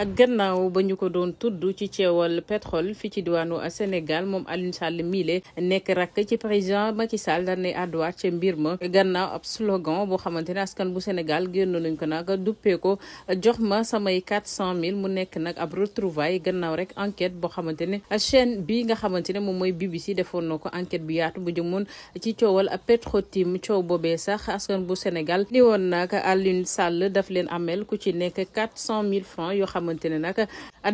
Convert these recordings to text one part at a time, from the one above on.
ak gannaaw ba ñu ko doon tudd ci ceewal pétrole fi ci diwaanu Sénégal moom Alioune Sall miile nekk rakk ci président Macky Sall daan nay mbir ma gannaaw ab slogan boo xamante ne askan bu Sénégal génn nañ ko nag duppee ko jox ma samay quatre cent mille mu nekk nag ab retrouvaille gannaaw rek enquête boo xamante ne chaîne bi nga xamante ne moom mooy BBC defoon na ko enquête bi yaatu bu jëmoon ci coowal Petro-Tim coow boobee sax askan bu Sénégal li woon nag Alioune Sall daf leen amel ku ci nekk xamante ne nag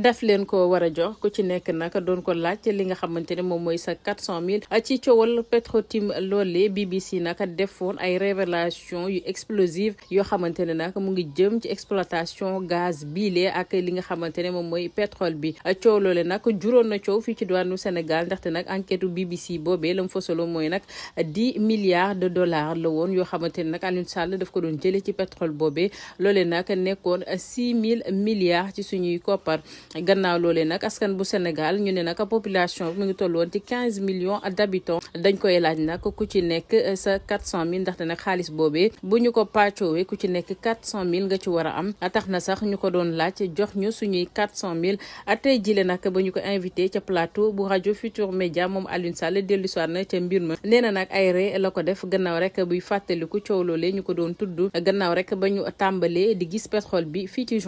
daf leen ko war a jox ku ci nekk nag doon ko laaj li nga xamante ne moom mooy sa 400000 ci coowal Petrotim loolee BBC nag defoon ay révélation yu explosive yoo xamante ne nag mu ngi jëm ci exploitation gaz biile ak li nga xamante ne moom mooy pétrole bi coow loole nag juróon na coow fii ci diwaanu Sénégal ndaxte nag enquête BBC boobee la mu fasaloo mooy nag 10 milliards de dollars la woon yoo xamante ne nag Alioune Sall daf ko doon jëlee ci pétrole boobee loolee nag nekkoon suñuy koppar gannaaw loolee nag askan bu Sénégal ñu ne nag population mu ngi tolloon ci quinze millions d'habitants dañ koy laaj nag ku ci nekk euh, sa quatre cent mille da nag xaalis boobee bu ñu ko pàccoowee ku ci nekk quatre cent mille nga ci war a am tax na sax ñu ko doon laaj jox ñu ñuy quatre cent mille tey jile nag ba ñu ko invité ca plateau bu rajo Futur Média moom Alioune Sall dellu soir na ca mbir ma nee na nag ay ree la ko def gannaaw rek buy fàttaliku coow loolee ñu ko doon tudd gannaaw rek ba ñu tàmbalee di gis pétrole bi fii ci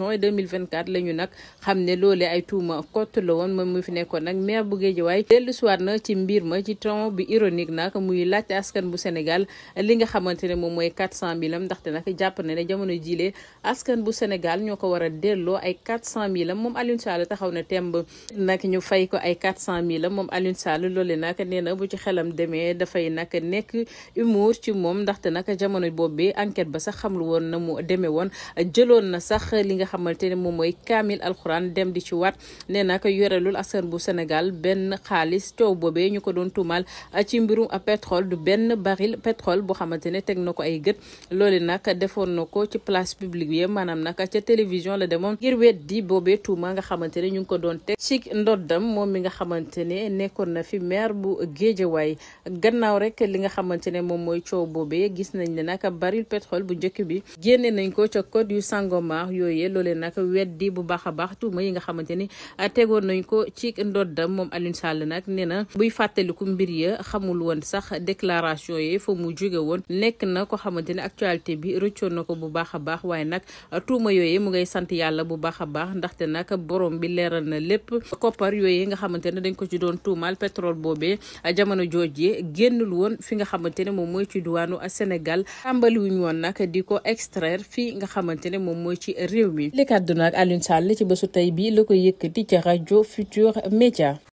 jàppale ñu nag xam ne loolee ay tuuma kott la woon moom mu fi nekkoon nag maire bu Guédiawaye dellu siwaat na ci mbir ma ci ton bi ironique nag muy laajte askan bu Sénégal li nga xamante ne moom mooy 400 mille am ndaxte nag jàpp na ne jamono jilee askan bu Sénégal ñoo ko war a delloo ay 400 mille am moom Alioune Sall taxaw na temb nag ñu fay ko ay 400 mille am moom Alioune Sall loolee nag nee na bu ci xelam demee dafay nag nekk humour ci moom ndaxte nag jamono boobu enquête ba sax xamul woon na mu demee woon jëloon na sax li nga xamante ne moom mooy kaamil alxuraan dem di ci wat nee nag yorelul askan bu Sénégal benn xaalis coow boobee ñu ko doon tuumal ci mbirum pétrole du benn baril pétrole boo xamante ne teg na ko ay gët loole nag defoon na ko ci place publique yi maanaam nag ca télévision la demoon ngir wet di boobee tuuma nga xamante ne ñu ngi ko doon teg ci ndoddam moom mi nga xamante ne nekkoon na fi maire bu Géejawaay gannaaw rek li nga xamante ne moom mooy coow boobee gis nañ ne nag baril pétrole bu njëkk bi génne nañ ko ca code bu baax a baax tuuma yi nga xamante ah, tegoon nañ ko ci ndodda moom Alioune Sall nag nee na buy fàttaliku mbir ya xamul woon sax déclaration yi fa mu jóge woon nekk na ko xamante ni actualité bi rëccoon na ko bu baax a baax waaye nag tuuma yooyu mu ngay sant yàlla bu baax a baax ndaxte nag borom bi leeral na lépp koppar yooyu nga xamante ne dañ ko ci doon tuumaal pétrole boobee ah, jamono joojee génnul woon fi nga xamante ne moom mooy ci duwaanu Sénégal tàmbali wuñ woon nag di ko extraire fii nga xamante ne moom mooy ci réew mi li kàddu nag Alioune Sall ci bésu tey bii la ko yëkkati ca rajo Futur Média.